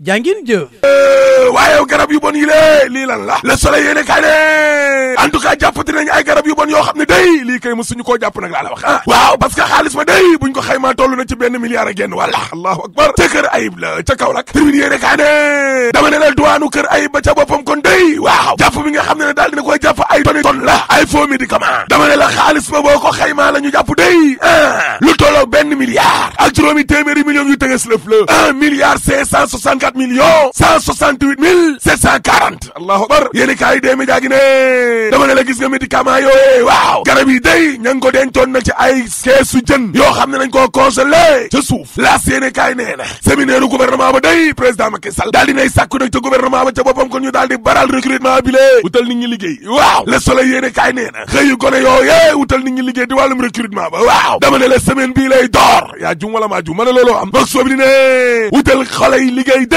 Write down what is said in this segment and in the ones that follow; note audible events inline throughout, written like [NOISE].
jàngin jëf eh, waaye garab yu bon yi lée lii lan la le soleil yéene kaay ne en tout ay garab yu bon yoo xam ne day lii kay mësuñu ko jàpp nag laa la wax ah waaw parce xaalis ma day buñ ko xaymaa toll na ci benn milliard a génn wàlla allahu akbar ca kër ayib la ca Kaolack tribune yéene kaay ne dama la duwaanu kër ayib ba ca boppam kon day waaw jàpp bi nga xam ne ne daal dina koy jàpp ay toni ton la ay faux médicament dama la xaalis ma boo xaymaa la ñu jàpp day ah lu tolloo benn milliard ak quatre millions akbar yéeni kaa yi dee mi dama ne la gis nga médicament yooyee waaw garab yi day ña ngi ci ay keesu jën yoo xam ne nañ koo congelé ca suuf laas yéeni kaa yi nee na ba day président Macky Sall daal di nay sàkku nag ca gouvernement ba ca boppam kon ñu daal di baral recrutement bi lee wutal nit ñi liggéey waaw le soleil yéeni kaa yi nee na xëy yu gone yooyee wutal liggéey di wàllum recrutement ba waaw dama ne la semaine bii ma ne looloo am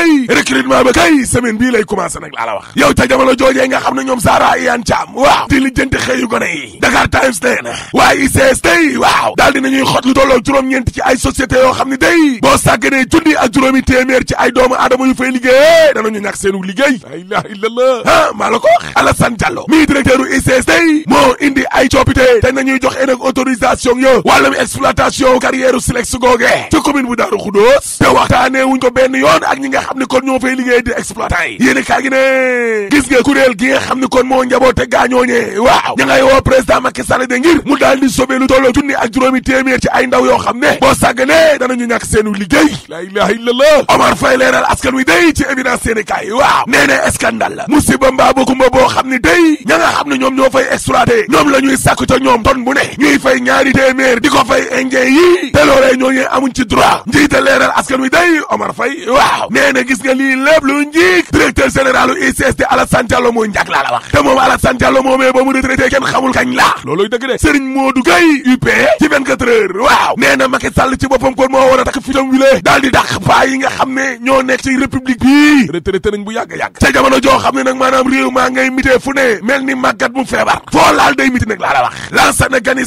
day recrutement ba kay semaine bii lay commencé nag laa la wax yow ca jamono joojee nga xam ne ñoom Zahra Iyane Thiam waaw di lijjanti xëyu gone yi Times nee na waaye ICS day waaw daal dinañuy xot lu tolloo juróom-ñeent ci ay société yoo xam ne day boo sàgganee junni ak juróomi téeméer ci ay doomu aadama yu fay liggéey danañu ñàkk seenu liggéey la ilaha illallah ah maa la ko wax Alassane Diallo mii directeur u ICS day moo indi ay coppite te nañuy joxe nag autorisation yo wàllum exploitation carrière u silex googe commune bu Daaru Xudóos te waxtaanee ko benn yoon ak ñi nga xam ne kon ñoo fay liggéey di exploitant yi yéen kaa gi ne gis nga gi xam ni kon moo njaboote gaañooñee waaw ña ngay woo président Macky Sall de ngir mu daal di sobe lu tolloo junni ak juróomi téeméer ci ay ndaw yoo xam ne boo sàgganee danañu ñàkk seenu liggéey la ilaha illallah Omar Faye leeral askan wi day ci évidence seen kaay waaw nee na scandale la musiba mbaa bokumba boo xam ni day ña xam ne ñoom ñoo fay exploité ñoom la ñuy sàkku ca ñoom ton bu ne ñuy fay ñaari téeméer di ko fay indien ne gis nga lii lépp lu njiig directeur général u ICS Alassane Diallo mooy njag laa la wax te moom Alassane Diallo moomee ba mu retraité kenn xamul kañ laa looloy dëgg de Serigne Modou Gueye UP ci 24 heures waaw nee na Macky ci boppam kon moo war a takk fitam wile daal di dàq paa nga xam ne ñoo nekk ci république bii retraité bu yàgg yàgg ca jamono joo xam ne nag maanaam réew maa ngay mitee fu ne mel ni màggat mu feebar foo laal day miti nag laa la wax Lansana Gagny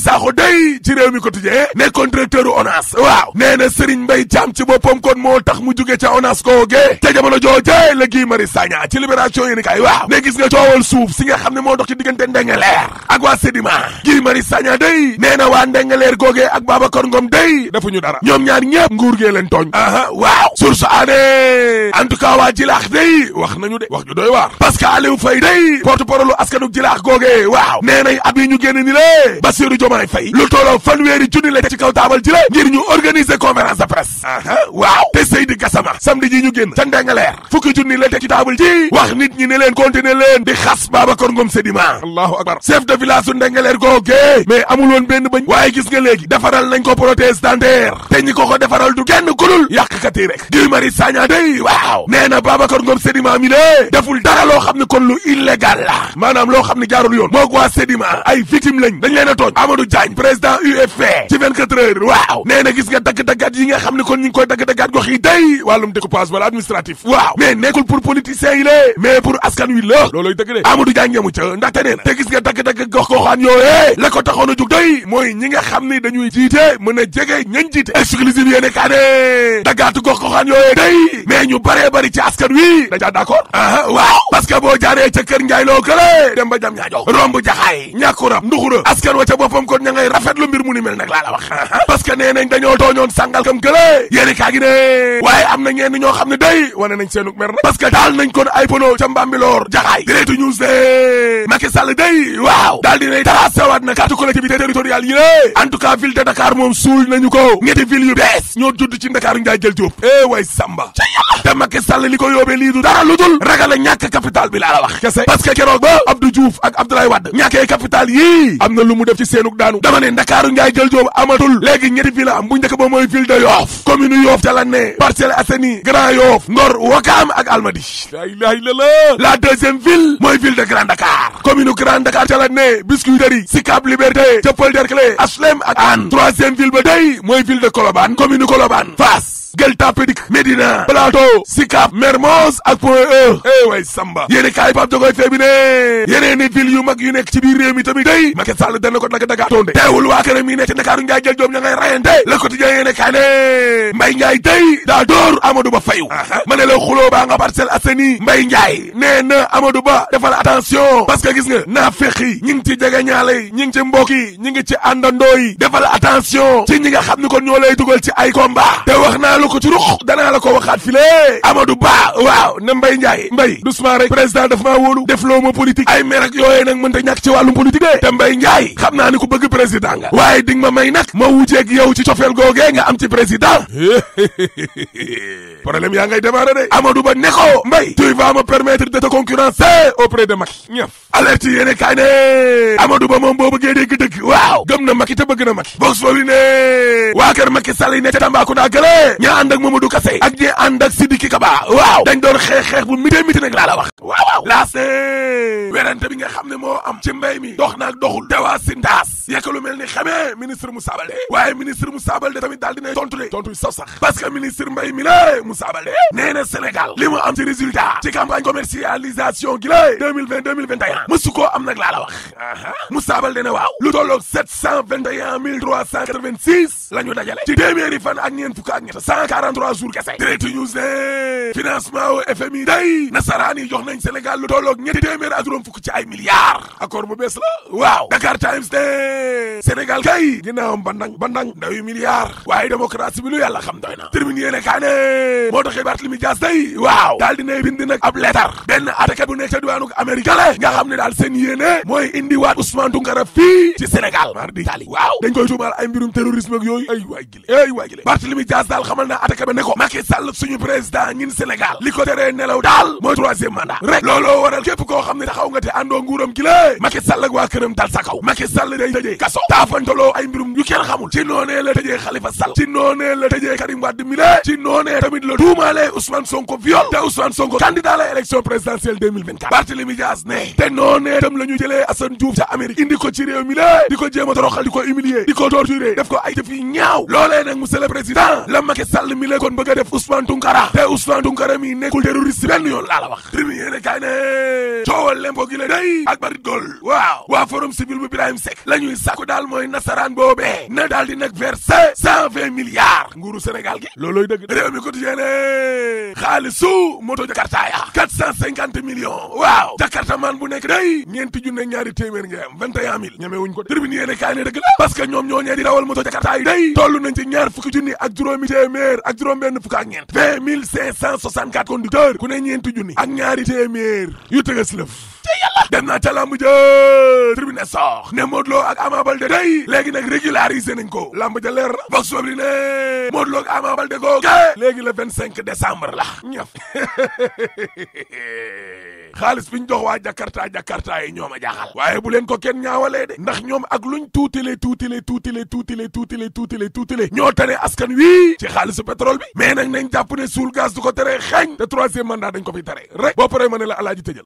moo tax mu jugee ca ONAS googee ca jamono jooje la Guy Marius Sagna ci libération yéen kay waaw ne gis nga coowal suuf si nga xam ne moo dox ci diggante Ndengeleer ak waa Sedima Guy Marius Sagna day nee waa Ndengeleer googee ak Babacar Ngom day dafa ñu dara ñoom ñaar ñëpp nguur gee leen tooñ aha waaw source aané en tout cas waa Jilaax day wax nañu de wax ju doy waar parce que Aliou Faye day porte-parole u askanu Jilaax googee waaw nee nañ at yi ñu génn ni lée Bassirou Diomaye Faye lu tolloo fanweeri ne Seydi Gassama samedi ji ñu génn ca Ndengaleer fukki junni la teg ci taabal ji wax nit ñi ne leen continuer leen di xas Babacar Ngom Sedima allahu akbar chef de village su Ndengaleer googee mais amul woon benn bañ waaye gis nga léegi defaral nañ ko prothèse dentaire te ñi ko ko defaral du kenn kulul yàqkat yi rek Guy Marius Sagna day waaw nee na Babacar Ngom Sedima mi de deful dara loo xam ne kon lu illégal la maanaam loo xam ne jaarul yoon moog waa Sedima ay victime lañ a tooñ Amadou Diagne président yi gi day wàllum découpage wala administratif waaw mais nekkul pour politiciens yi lée mais pour askan wi la looloy dëgg de Amadou Dia ngemu ca ndaxte nee te gis nga dakk-dakk gox goxaan yooyee la ko taxoon a jug day mooy ñi xam ne dañuy jiite mën a jege ñañ jiite exclusive yéene kaa ne gox goxaan yooyee day mais ñu baree bari ci askan wi dañ caa d'accord ah waaw parce que boo jaaree ca kër Njaay loo kële dem ba jam ñaajox romb jaxaay ñàkkuram nduxura askan wa ca mu ni mel nag laa la waaye am na ñenn ñoo xam ne day wane nañ seenuk mer na parce que daal nañ kon ay ca Mbambilor jaxaay direetu news de Macky Sall day waaw daal dinay tarasawaat na carte collectivité territoriale yi lée en tout cas ville moom suul nañu ko ñetti ville yu bees ñoo judd ci Dakar njaay jël jóob eh way samba te Macky Sall li ko yóobee lii du dara lu dul ragal a ñàkk capital la wax kese parce keroog ba Abdou Diouf ak Abdoulaye Wade ñàkkee capital yii de Yoff commune Yoff ca la Guédiawaye Parcelles Assainies Grand Yoff Ngor Ouakam ak Almadies la ilaha la deuxième ville mooy ville Grand Dakar commune Grand Dakar ca la ne Biscuiterie Sicap Liberté Dieuppeul Derklé HLM ak Hann troisième ville ba day mooy ville de Colobane commune Gueule Tapée Dik Médina Plateau Sicap Mermoz ak Point E eh way Samba yéeni kaay Pape Jogoy fee bi ne yeneen ni ville yu mag yu nekk ci biir réew mi tamit day Macky Sall dana ko naka daga toonde teewul waa këram yi nekk ci Ndakaaru Ndiaye jël joom ña ngay rayante Le Quotidien yéene kaay ne Mbaye Ndiaye day daa dóor Amadou Ba fayu ma ne la xuloo baa nga Parcelles Assainies Mbaye Ndiaye nee na Amadou Ba defal attention parce que gis nga naa feqi ñi ngi ci jege ñaale ñi ngi ci mbokk ci àndandoo yi defal attention ci ñi nga xam ni kon la ko ci ruq danaa waxaat file Amadou Ba waaw na Mbaye Ndiaye Mbaye doucement rek président daf maa wóolu def loo ma politique ay mer ak yooyee nag mënta ñàkk ci wàllum politique te Mbaye Ndiaye xam naa ni ku bëgg président nga waaye di nga ma may nag ma wuuteeg yow ci cofeel googee nga am ci président [LAUGHS] problème yaa ngay démarrer de Amadou Ba ne ko Mbaye tu vas me permettre de te concurrencer auprès de Macky ñëf alerte yéene kaay ne Amadou Ba moom boo bëggee dégg dëgg waaw gëm na Macky ña ànd ak Mamadou Kassé ak ñi ànd ak Sidiki Kaba waaw dañ doon xeex xeex bu mitee miti nag laa la wax waaw waaw laas werante bi nga xam ne moo am ci mbay mi dox naag doxul dawaa si ndaas yekkalu mel ni xamee ministre Moussa Baldé waaye ministre Moussa Baldé tamit daal dina tontu de tontu sax sax ministre mbay mi la Moussa nee na Sénégal li mu am ci résultat ci campagne commercialisation gi la 2020 2021 mësu koo am nag laa la wax Moussa Baldé ne 143 jours kese direct news ne financement wu FMI day nasaraan yi jox nañ Sénégal lu tolloog ñetti téeméer a juróom fukk ci ay milliards accord bu bees la waaw Dakar Times ne Sénégal kay ginnaawam bandang bandang ndawi milliards waaye démocratie bi lu yàlla xam doy na termine yéene kaa ne moo taxee Barthélémy Dias day waaw daal dinay bind nag ab leetar benn attaqué bu nekk ca diwaanu Amérique la nga xam ne daal seen yéene mooy indi waat Ousmane Tounkara fii ci Sénégal mardi tali na attaqué ba ne ko Macky Sall suñu président ñin Sénégal li ko teree nelaw daal mooy troisième mandat rek looloo waral képp koo xam ne taxaw nga te àndoo nguuram gi lée Macky Sall ak waa këram dal sa day tëjee kaso taafantaloo ay mbirum yu kenn xamul ci noonee la tëjee Karim Wade mi lée ci noonee tamit la tuumaalee Ousmane Sonko viol te Ousmane Sonko candidat la élection présidentielle 2024 Barthélémy Dias te noonee tam la ñu jëlee Assane ca Amérique indi ko a Sall mi la kon bëgg a def Ousmane Tounkara te Ousmane Tounkara mi nekkul terroriste benn yoon laa la wax tribune yéene kaay ne coowal gi la day ak barit gol waaw waa forum civil bu Birahim Seck la ñuy sàkku daal mooy nasaraan boobee na daal di nag versé cent vingt milliards nguuru Sénégal gi loolooy dëgg réew mi quotidien ne xaalisu moto Jakarta ya quatre waaw Jakarta bu nekk day ñeenti junne ñaari téeméer nga am ñeme wuñ ko tribune yéene kaay ne dëgg la téeméer ak juróom-benn fukk ak ñeent vingt mille cinq cent soixante-quatre ku ne ñeenti junni ak ñaari téeméer yu tëgës lëf la yàlla dem naa ca lamb ja tribune sox ne Modou Lo ak Ama Baldé day léegi nag régularisé nañ ko lamb ja leer na Vox Populi ne Modou Lo ak Ama Baldé ko ke léegi le vingt cinq décembre la ñaf [LAUGHS] xaalis bi ñu jox waa Jakarta Jakarta yi ñoom a jaaxal waaye bu leen ko kenn ñaawalee de ndax ñoom ak luñ tuutile tuutile tuutile tuutile tuutile tuutile tuutile ñoo tane askan wi ci xaalisu pétrole bi mais nag nañ jàpp ne suul gaz du ko tere xeeñ te troisième mandat dañ ko fi tere rek boo paree ma ne la alaaji tëjal